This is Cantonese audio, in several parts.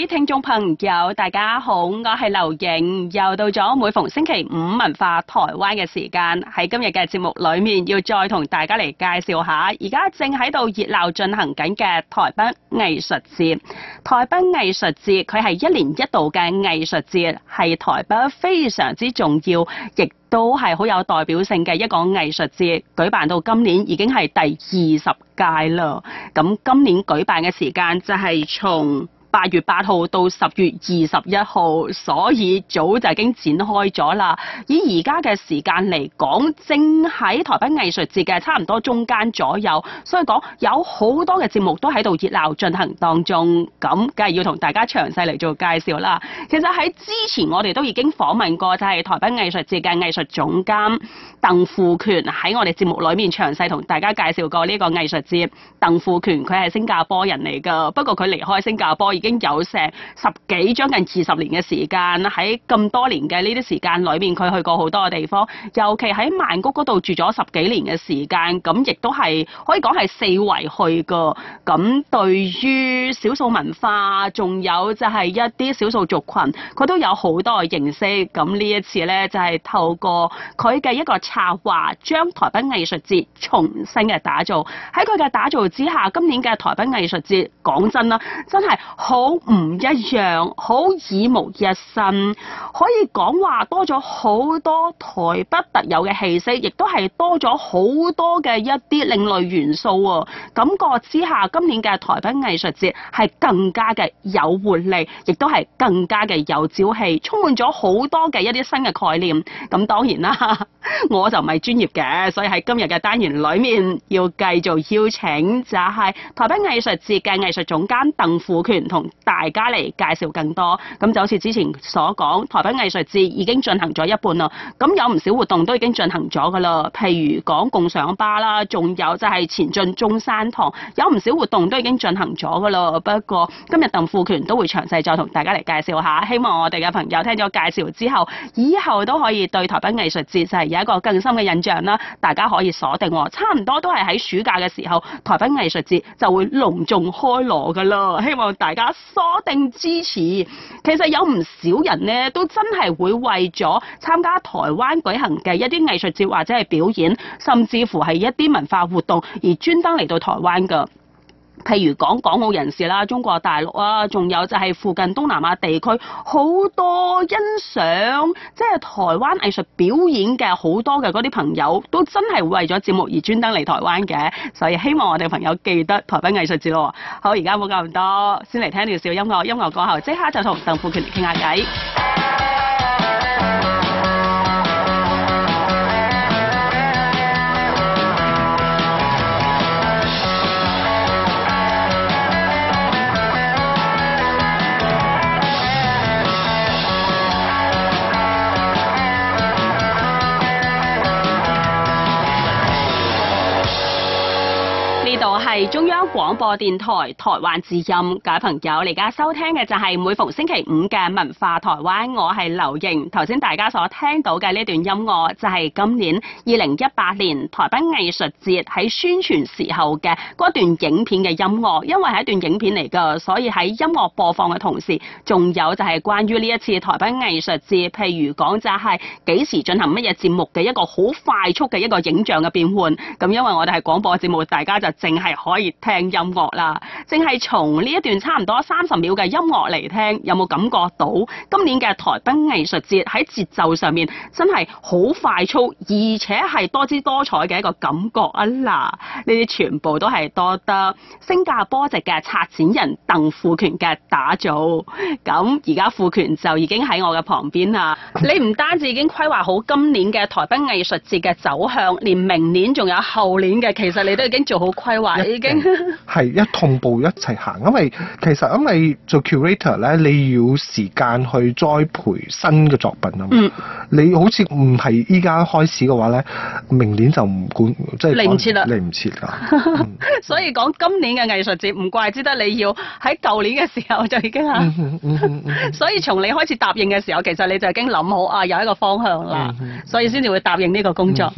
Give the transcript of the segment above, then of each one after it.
啲聽眾朋友，大家好，我係劉穎，又到咗每逢星期五文化台灣嘅時間。喺今日嘅節目裏面，要再同大家嚟介紹一下，而家正喺度熱鬧進行緊嘅台北藝術節。台北藝術節佢係一年一度嘅藝術節，係台北非常之重要，亦都係好有代表性嘅一個藝術節。舉辦到今年已經係第二十屆啦。咁今年舉辦嘅時間就係從八月八號到十月二十一號，所以早就已經展開咗啦。以而家嘅時間嚟講，正喺台北藝術節嘅差唔多中間左右，所以講有好多嘅節目都喺度熱鬧進行當中。咁梗係要同大家詳細嚟做介紹啦。其實喺之前我哋都已經訪問過就係台北藝術節嘅藝術總監鄧富權，喺我哋節目裡面詳細同大家介紹過呢個藝術節。鄧富權佢係新加坡人嚟㗎，不過佢離開新加坡，已經有成十幾、將近二十年嘅時間，喺咁多年嘅呢啲時間裏面，佢去過好多嘅地方，尤其喺曼谷嗰度住咗十幾年嘅時間，咁亦都係可以講係四圍去噶。咁對於少數文化，仲有就係一啲少數族群，佢都有好多嘅認識。咁呢一次呢，就係透過佢嘅一個策劃，將台北藝術節重新嘅打造。喺佢嘅打造之下，今年嘅台北藝術節，講真啦，真係。好唔一樣，好耳目一新，可以講話多咗好多台北特有嘅氣息，亦都係多咗好多嘅一啲另類元素，感覺之下，今年嘅台北藝術節係更加嘅有活力，亦都係更加嘅有朝氣，充滿咗好多嘅一啲新嘅概念。咁當然啦，我就唔係專業嘅，所以喺今日嘅單元裏面要繼續邀請就係台北藝術節嘅藝術總監鄧富權同。同大家嚟介紹更多，咁就好似之前所講，台北藝術節已經進行咗一半啦。咁有唔少活動都已經進行咗噶啦，譬如講共享吧啦，仲有就係前進中山堂，有唔少活動都已經進行咗噶啦。不過今日鄧富權都會詳細再同大家嚟介紹下，希望我哋嘅朋友聽咗介紹之後，以後都可以對台北藝術節就係有一個更深嘅印象啦。大家可以鎖定喎，差唔多都係喺暑假嘅時候，台北藝術節就會隆重開鑼噶啦。希望大家～鎖定支持，其實有唔少人咧，都真係會為咗參加台灣舉行嘅一啲藝術節或者係表演，甚至乎係一啲文化活動而專登嚟到台灣㗎。譬如講港澳人士啦、中國大陸啊，仲有就係附近東南亞地區，好多欣賞即係台灣藝術表演嘅好多嘅嗰啲朋友，都真係會為咗節目而專登嚟台灣嘅。所以希望我哋嘅朋友記得台北藝術節喎。好，而家冇咁多，先嚟聽段小音樂。音樂過後，即刻就同鄧富權傾下偈。呢度係中央廣播電台台灣語音，各位朋友，而家收聽嘅就係每逢星期五嘅文化台灣。我係劉盈，頭先大家所聽到嘅呢段音樂就係、是、今年二零一八年台北藝術節喺宣傳時候嘅嗰段影片嘅音樂。因為係一段影片嚟㗎，所以喺音樂播放嘅同時，仲有就係關於呢一次台北藝術節，譬如講就係幾時進行乜嘢節目嘅一個好快速嘅一個影像嘅變換。咁因為我哋係廣播節節目，大家就。淨係可以聽音樂啦，淨係從呢一段差唔多三十秒嘅音樂嚟聽，有冇感覺到今年嘅台北藝術節喺節奏上面真係好快速，而且係多姿多彩嘅一個感覺啊啦！呢啲全部都係多得新加坡籍嘅策展人鄧富權嘅打造。咁而家富權就已經喺我嘅旁邊啦。嗯，你唔單止已經規劃好今年嘅台北藝術節嘅走向，連明年仲有後年嘅，其實你都已經做好規。係話已經係 一,一同步一齊行，因為其實因為做 curator 咧，你要時間去栽培新嘅作品啊嘛。嗯、你好似唔係依家開始嘅話咧，明年就唔管即係嚟唔切啦，嚟唔切㗎。 所以講今年嘅藝術節唔怪之得你要喺舊年嘅時候就已經啊，嗯嗯嗯、所以從你開始答應嘅時候，其實你就已經諗好啊，有一個方向啦，嗯、哼所以先至會答應呢個工作。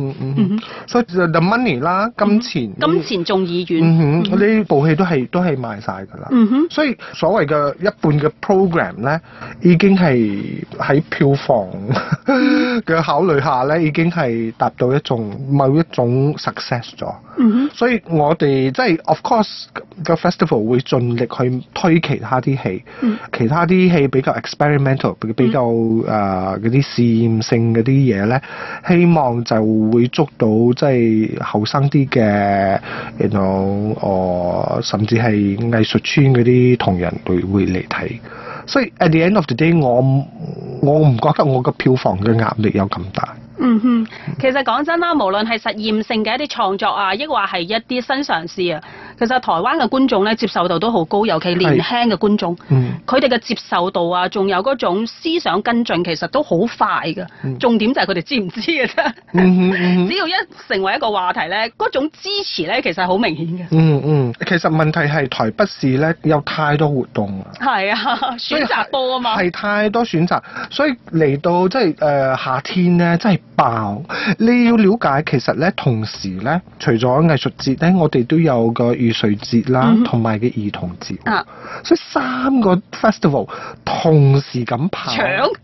所以就 the money 啦，金錢、嗯嗯、金錢仲。嗯哼，呢部戲都係都係賣晒㗎啦。嗯哼，嗯哼，所以所謂嘅一半嘅 program 咧，已經係喺票房嘅、嗯、哼考慮下咧，已經係達到一種某一種 success 咗，嗯哼，所以我哋即係 of course 個 festival 會盡力去推其他啲戲，嗯哼，其他啲戲比較 experimental，比較誒啲試驗性啲嘢咧，希望就會捉到即係後生啲嘅誒有我 you know, 甚至係藝術圈嗰啲同仁會會嚟睇，所以 at the end of the day，我我唔覺得我個票房嘅壓力有咁大。嗯哼，其實講真啦，無論係實驗性嘅一啲創作啊，抑或係一啲新嘗試啊。其實台灣嘅觀眾咧，接受度都好高，尤其是年輕嘅觀眾，佢哋嘅接受度啊，仲有嗰種思想跟進，其實都好快嘅。嗯、重點就係佢哋知唔知嘅啫。嗯、哼 只要一成為一個話題咧，嗰種支持咧其實好明顯嘅。嗯嗯，其實問題係台北市咧有太多活動啊。係啊，選擇多啊嘛。係太多選擇，所以嚟到即係誒夏天咧，真係爆。你要了解其實咧，同時咧，除咗藝術節咧，我哋都有個水節啦，同埋嘅兒童節，嗯、哼所以三個 festival 同時咁排，搶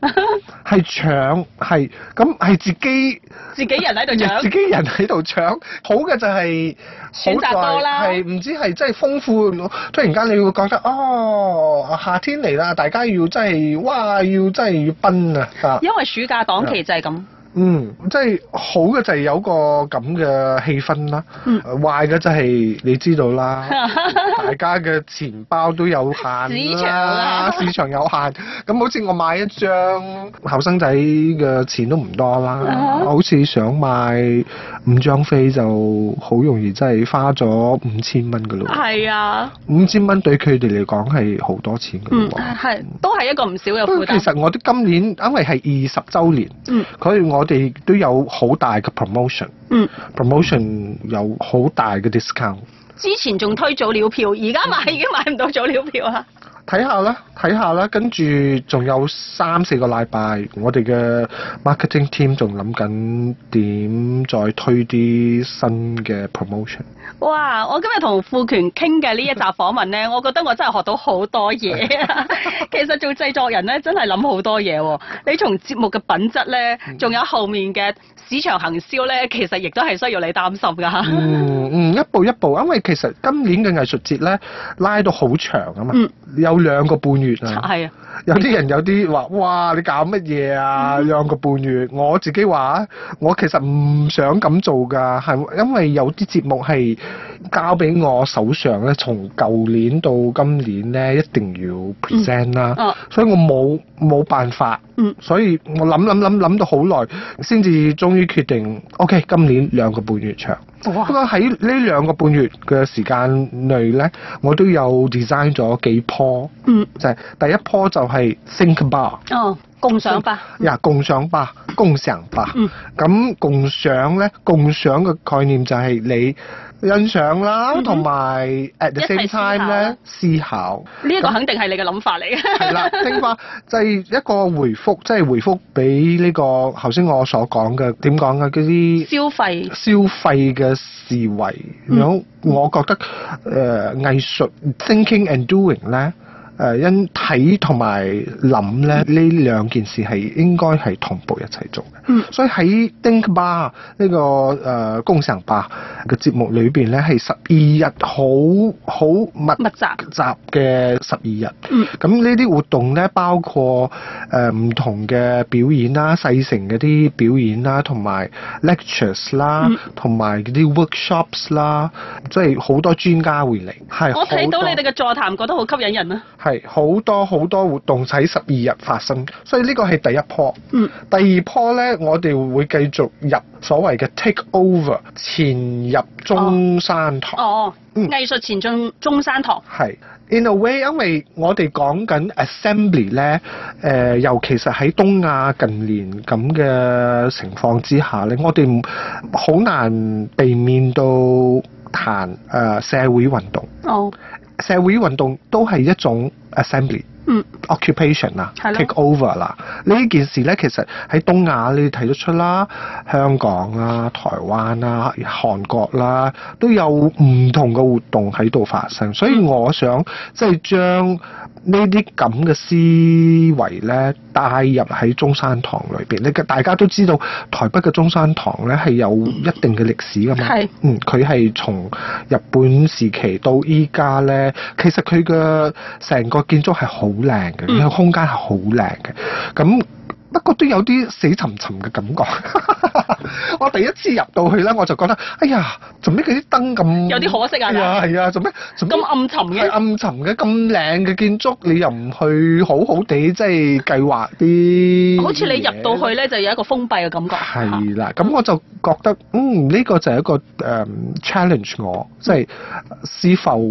係搶係，咁 係自己自己人喺度搶，自己人喺度搶，好嘅就係、是、選擇多啦，係唔知係真係豐富，突然間你會覺得哦，夏天嚟啦，大家要真係哇，要真係要奔啊，因為暑假檔期就係咁。嗯嗯，即係好嘅就係有個咁嘅氣氛啦，壞嘅、嗯、就係、是、你知道啦， 大家嘅錢包都有限市場啦，市場有限，咁 好似我買一張後生仔嘅錢都唔多啦，啊、好似想買五張飛就好容易真係花咗五千蚊嘅咯。係啊，五千蚊對佢哋嚟講係好多錢嘅喎，嗯，係都係一個唔少嘅負擔，其實我啲今年因為係二十周年，嗯，所以我。我哋都有好大嘅 promotion，promotion 嗯 promotion 有好大嘅 discount。之前仲推早鳥票，而家買已經買唔到早鳥票啦。睇下啦，睇下啦，跟住仲有三四個禮拜，我哋嘅 marketing team 仲諗緊點再推啲新嘅 promotion。哇！我今日同富權傾嘅呢一集訪問呢， 我覺得我真係學到好多嘢。 其實做製作人呢，真係諗好多嘢喎。你從節目嘅品質呢，仲有後面嘅。市場行銷咧，其實亦都係需要你擔心㗎嚇、嗯。嗯嗯，一步一步，因為其實今年嘅藝術節咧拉到好長啊嘛，嗯、有兩個半月啊。係啊，有啲人有啲話，哇，你搞乜嘢啊？嗯、兩個半月，我自己話我其實唔想咁做㗎，係因為有啲節目係交俾我手上咧，從舊年到今年咧，一定要 present 啦，嗯啊、所以我冇冇辦法，所以我諗諗諗諗到好耐，先至終於決定，OK，今年兩個半月長。Oh. 不過喺呢兩個半月嘅時間內咧，我都有 design 咗幾波。嗯，mm. 就係第一波就係 think bar。哦、mm.，共享吧。呀，共享吧，共享吧。咁共享咧，共享嘅概念就係你。欣賞啦，同埋、mm hmm. at the same time 咧思考。呢一個肯定係你嘅諗法嚟嘅。係 啦，正法就係、是、一個回覆，即、就、係、是、回覆俾呢、這個頭先我所講嘅點講嘅啲消費消費嘅思維咁、mm hmm. 我覺得誒藝術 thinking and doing 咧、呃、誒因睇同埋諗咧呢兩件事係應該係同步一齊做。嗯，所以喺 ThinkBar 呢，這個誒工程吧嘅節目裏邊咧，係十二日好好密密集集嘅十二日。嗯集。咁呢啲活動咧，包括誒唔、呃、同嘅表演啦、細城啲表演啦，同埋 lectures 啦，同埋啲、嗯、workshops 啦，即係好多專家會嚟。係我睇到你哋嘅座談覺得好吸引人啊！係好多好多活動喺十二日發生，所以呢個係第一波。嗯。第二波咧。我哋會繼續入所謂嘅 takeover，前入中山堂。哦，oh. oh. mm. 藝術前進中山堂。係。In a way，因為我哋講緊 assembly 咧、呃，誒，尤其係喺東亞近年咁嘅情況之下咧，我哋好難避免到談誒社會運動。哦、呃。社會運動。哦。社會運動都係一種 assembly。嗯，occupation 啊，take over 啦，呢件事咧其實喺東亞你睇得出啦，香港啦、台灣啦、韓國啦，都有唔同嘅活動喺度發生，所以我想即係將。呢啲咁嘅思維咧，帶入喺中山堂裏邊。你大家都知道，台北嘅中山堂咧係有一定嘅歷史噶嘛。係是。嗯，佢係從日本時期到依家咧，其實佢嘅成個建築係好靚嘅，佢、嗯、空間係好靚嘅。咁、嗯。不過都有啲死沉沉嘅感覺。 我第一次入到去咧，我就覺得哎呀，做咩佢啲燈咁有啲可惜啊！係啊係啊，做咩咁暗沉嘅？暗沉嘅咁靚嘅建築，你又唔去好好地即係計劃啲？好似你入到去咧，就有一個封閉嘅感覺。係啦、啊，咁、嗯、我就覺得嗯呢、呢個就係一個、um, challenge 我，即、就、係、是嗯、是否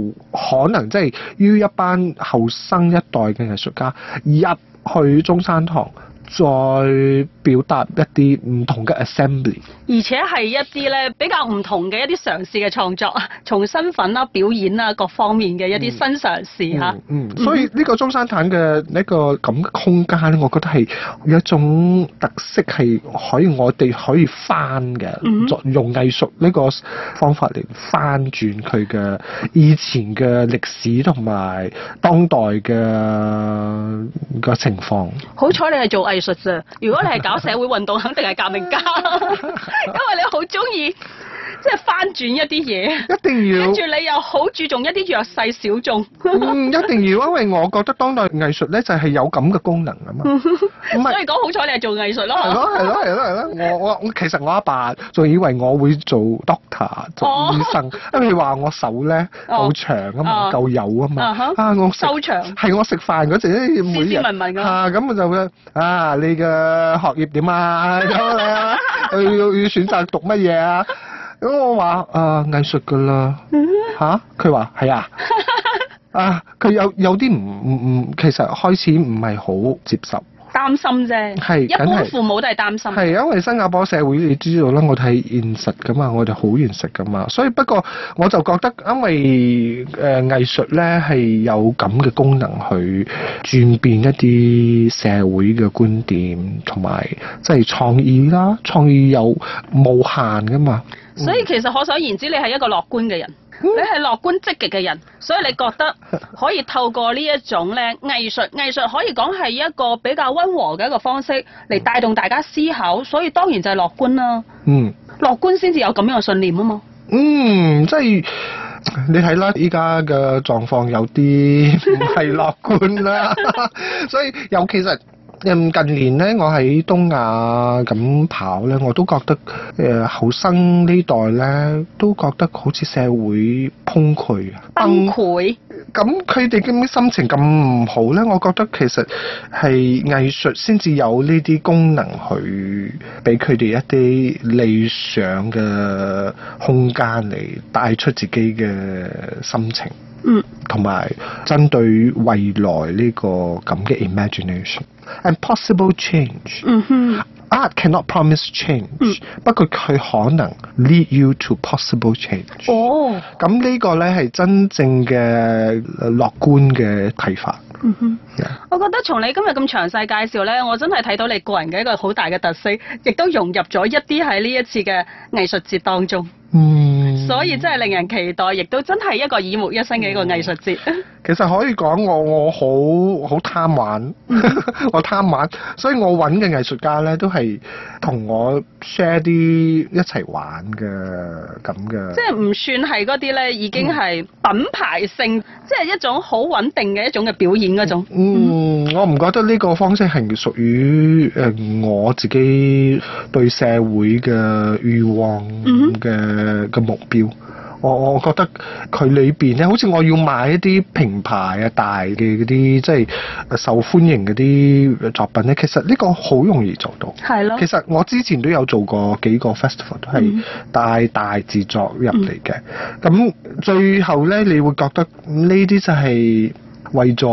可能即係於一班後生一代嘅藝術家入去中山堂？再表達一啲唔同嘅 assembly，而且係一啲咧比較唔同嘅一啲嘗試嘅創作。從身份啦、表演啦，各方面嘅一啲新嘗試嚇、嗯嗯。嗯，所以呢個中山坦嘅一個咁嘅空間咧，我覺得係有一種特色係，可以我哋可以翻嘅作、嗯、用藝術呢個方法嚟翻轉佢嘅以前嘅歷史同埋當代嘅個情況。好彩你係做藝術啫，如果你係搞社會運動， 肯定係革命家，因為你好中意。即係翻轉一啲嘢，一定要。跟住你又好注重一啲弱勢小眾。嗯，一定要，因為我覺得當代藝術咧就係有咁嘅功能啊嘛。咁所以講好彩你係做藝術咯。係咯，係咯，係咯，係咯！我我其實我阿爸仲以為我會做 doctor 做醫生，因為佢話我手咧夠長啊，嘛，夠幼啊嘛。啊，我修長係我食飯嗰陣咧，每日嚇咁我就會啊，你嘅學業點啊？你要要選擇讀乜嘢啊？咁我話啊藝術噶啦吓，佢話係啊，mm hmm。啊佢、啊 啊、有有啲唔唔唔，其實開始唔係好接受。擔心啫，一般父母都係擔心。係因為新加坡社會，你知道啦，我睇現實噶嘛，我哋好現實噶嘛。所以不過我就覺得，因為誒、呃、藝術咧係有咁嘅功能去轉變一啲社會嘅觀點，同埋即係創意啦，創意又無限噶嘛。嗯、所以其實可想言之，你係一個樂觀嘅人。嗯，你係樂觀積極嘅人，所以你覺得可以透過呢一種咧藝術，藝術可以講係一個比較溫和嘅一個方式嚟帶動大家思考，所以當然就係樂觀啦。嗯，樂觀先至有咁樣嘅信念啊嘛。嗯，即係你睇啦，依家嘅狀況有啲唔係樂觀啦， 所以尤其是。近年咧，我喺東亞咁跑咧，我都覺得誒後生呢代咧，都覺得好似社會崩潰啊！崩潰！咁佢哋嘅心情咁唔好咧，我覺得其實係藝術先至有呢啲功能去俾佢哋一啲理想嘅空間嚟帶出自己嘅心情。嗯。同埋針對未來呢個咁嘅 imagination。and possible change. Art cannot promise change，不過佢可能 lead you to possible change。哦，咁呢個呢係真正嘅樂觀嘅睇法。嗯哼，我覺得從你今日咁詳細介紹呢，我真係睇到你個人嘅一個好大嘅特色，亦都融入咗一啲喺呢一次嘅藝術節當中。嗯。所以真係令人期待，亦都真係一個耳目一新嘅一個藝術節。其實可以講我我好好貪玩， 我貪玩，所以我揾嘅藝術家咧都係同我 share 啲一齊玩嘅咁嘅。即係唔算係啲咧，已經係品牌性，即係、嗯、一種好穩定嘅一種嘅表演嗰種嗯，嗯我唔覺得呢個方式係屬於誒我自己對社會嘅慾望嘅嘅目標。嗯我我覺得佢裏邊咧，好似我要買一啲品牌啊、大嘅嗰啲，即係受歡迎嗰啲作品咧，其實呢個好容易做到。係咯。其實我之前都有做過幾個 festival，都係帶大自作入嚟嘅。咁、嗯、最後咧，你會覺得呢啲就係為咗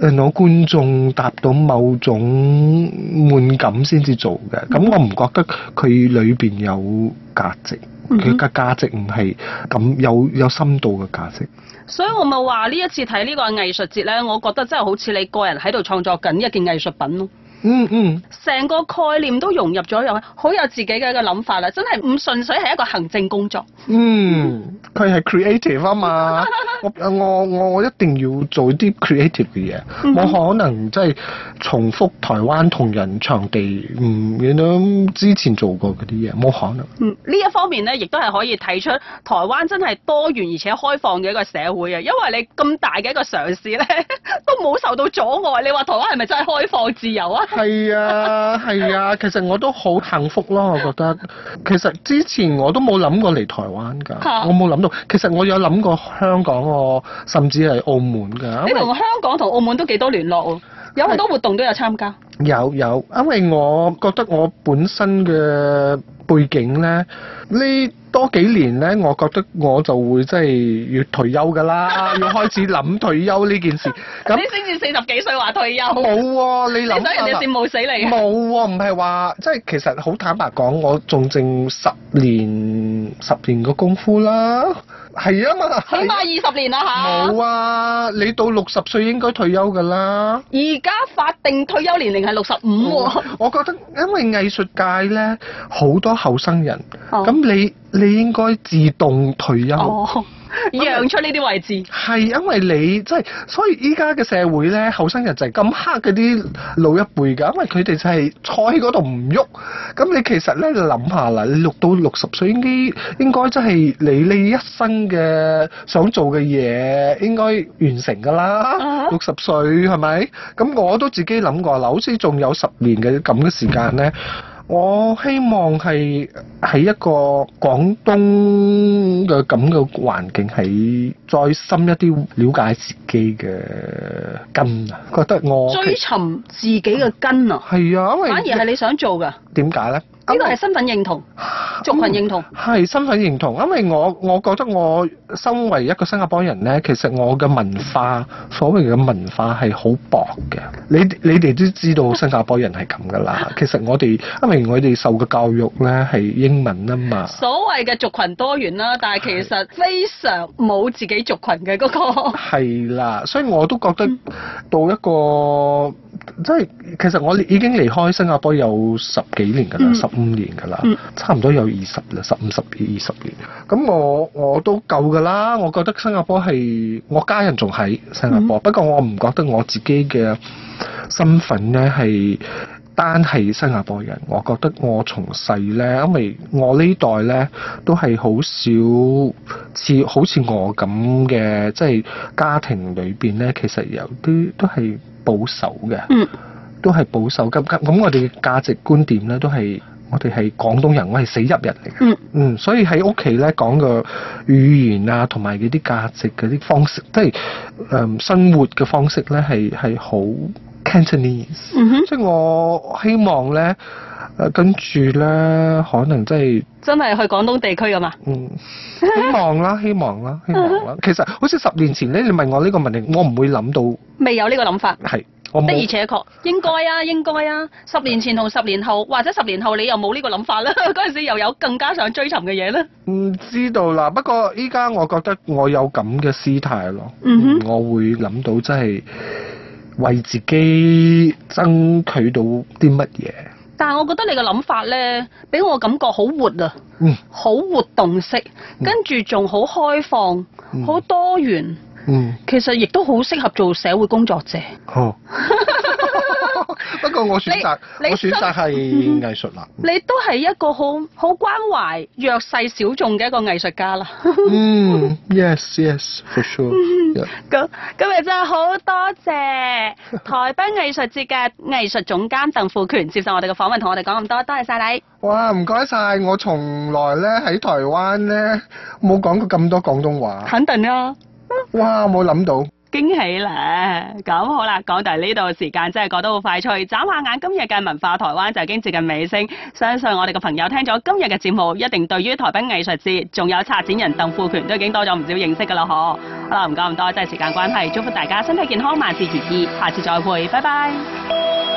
攞觀眾達到某種悶感先至做嘅。咁我唔覺得佢裏邊有價值。佢嘅價值唔係咁有有深度嘅價值，所以我咪話呢一次睇呢個藝術節咧，我覺得真係好似你個人喺度創作緊一件藝術品咯。嗯嗯，成、嗯、個概念都融入咗入去，好有自己嘅一個諗法啦！真係唔純粹係一個行政工作。嗯，佢係 creative 啊嘛， 我我我一定要做啲 creative 嘅嘢，冇、嗯、可能真係重複台灣同人場地，唔、嗯、點 you know，之前做過嗰啲嘢，冇可能。嗯，呢一方面呢，亦都係可以睇出台灣真係多元而且開放嘅一個社會啊！因為你咁大嘅一個嘗試呢，都冇受到阻礙，你話台灣係咪真係開放自由啊？係 啊，係啊，其實我都好幸福咯，我覺得。其實之前我都冇諗過嚟台灣㗎， 我冇諗到。其實我有諗過香港，我甚至係澳門㗎。你同香港同澳門都幾多聯絡？是有好多活動都有參加。有有，因為我覺得我本身嘅背景呢呢。多幾年呢，我覺得我就會真係要退休㗎啦， 要開始諗退休呢件事。咁 那你先至四十幾歲話、啊、退休？冇喎、啊，你諗、啊、人哋羨慕死你？冇喎、啊，唔係話即係其實好坦白講，我仲剩十年十年嘅功夫啦，係啊嘛。啊起碼二十年啦嚇。冇啊！你到六十歲應該退休㗎啦。而家法定退休年齡係六十五喎。 我覺得，因為藝術界呢，好多後生人，咁、哦、你。你應該自動退休，哦、因為讓出呢啲位置，係因為你即係，所以依家嘅社會呢，後生人就係咁黑嗰啲老一輩㗎，因為佢哋就係坐喺嗰度唔喐。咁你其實呢，你諗下啦，你六到六十歲應該應該即係你你一生嘅想做嘅嘢應該完成㗎啦。六十、uh huh. 歲係咪？咁我都自己諗過啦，好似仲有十年嘅咁嘅時間呢。我希望係喺一個廣東嘅咁嘅環境，喺再深一啲了解自己嘅根啊，覺得我追尋自己嘅根啊，係啊，因為反而係你想做嘅，點解咧？為什麼呢？呢個係身份認同，嗯、族群認同。係身份認同，因為我我覺得我身為一個新加坡人呢，其實我嘅文化，所謂嘅文化係好薄嘅。你你哋都知道新加坡人係咁噶啦。 其實我哋因為我哋受嘅教育呢係英文啊嘛。所謂嘅族群多元啦，但係其實非常冇自己族群嘅嗰、嗰個。係啦，所以我都覺得到一個。嗯即係其實我已經離開新加坡有十幾年㗎啦，十五、嗯、年㗎啦，嗯、差唔多有二十、十五、十二十年。咁我我都夠㗎啦。我覺得新加坡係我家人仲喺新加坡，嗯、不過我唔覺得我自己嘅身份呢係單係新加坡人。我覺得我從細呢，因為我呢代呢都係好少似好似我咁嘅，即、就、係、是、家庭裏邊呢，其實有啲都係。保守嘅，嗯、都係保守急急。咁我哋嘅價值觀點咧，都係我哋係廣東人，我係四邑人嚟嘅。嗯，所以喺屋企咧講個語言啊，同埋嗰啲價值嗰啲方式，即係誒、嗯、生活嘅方式咧，係係好 Cantonese、嗯哼。即係我希望咧。跟住呢，可能、就係、真係真係去廣東地區㗎嘛。嗯，希望啦，希望啦，希望啦。 其實好似十年前呢，你問我呢個問題，我唔會諗到。未有呢個諗法。係，我冇。的而且確應該啊，應該啊！的十年前同十年後，或者十年後你又冇呢個諗法咧？嗰 陣時又有更加想追尋嘅嘢呢？唔、嗯、知道啦。不過依家我覺得我有咁嘅姿態咯，嗯、哼我會諗到真係為自己爭取到啲乜嘢。但係我覺得你嘅諗法咧，俾我感覺好活啊，嗯，好活動式，嗯、跟住仲好開放，好、嗯、多元，嗯，其實亦都好適合做社會工作者。哦 不過我選擇，我選擇係藝術啦，嗯。你都係一個好好關懷弱勢小眾嘅一個藝術家啦。 嗯，yes yes for sure，yeah。咁今日真係好多謝台北藝術節嘅藝術總監鄧富權接受我哋嘅訪問，同我哋講咁多，多謝晒你。哇，唔該晒！我從來咧喺台灣咧冇講過咁多廣東話。肯定啊。 哇，我冇諗到。驚喜咧！咁好啦，講到呢度時間真係過得好快脆，眨下眼今日嘅文化台灣就已經接近尾聲。相信我哋嘅朋友聽咗今日嘅節目，一定對於台北藝術節仲有策展人鄧富權都已經多咗唔少認識㗎啦，嗬！好啦，唔講咁多，真係時間關係，祝福大家身體健康，萬事如意，下次再會，拜拜。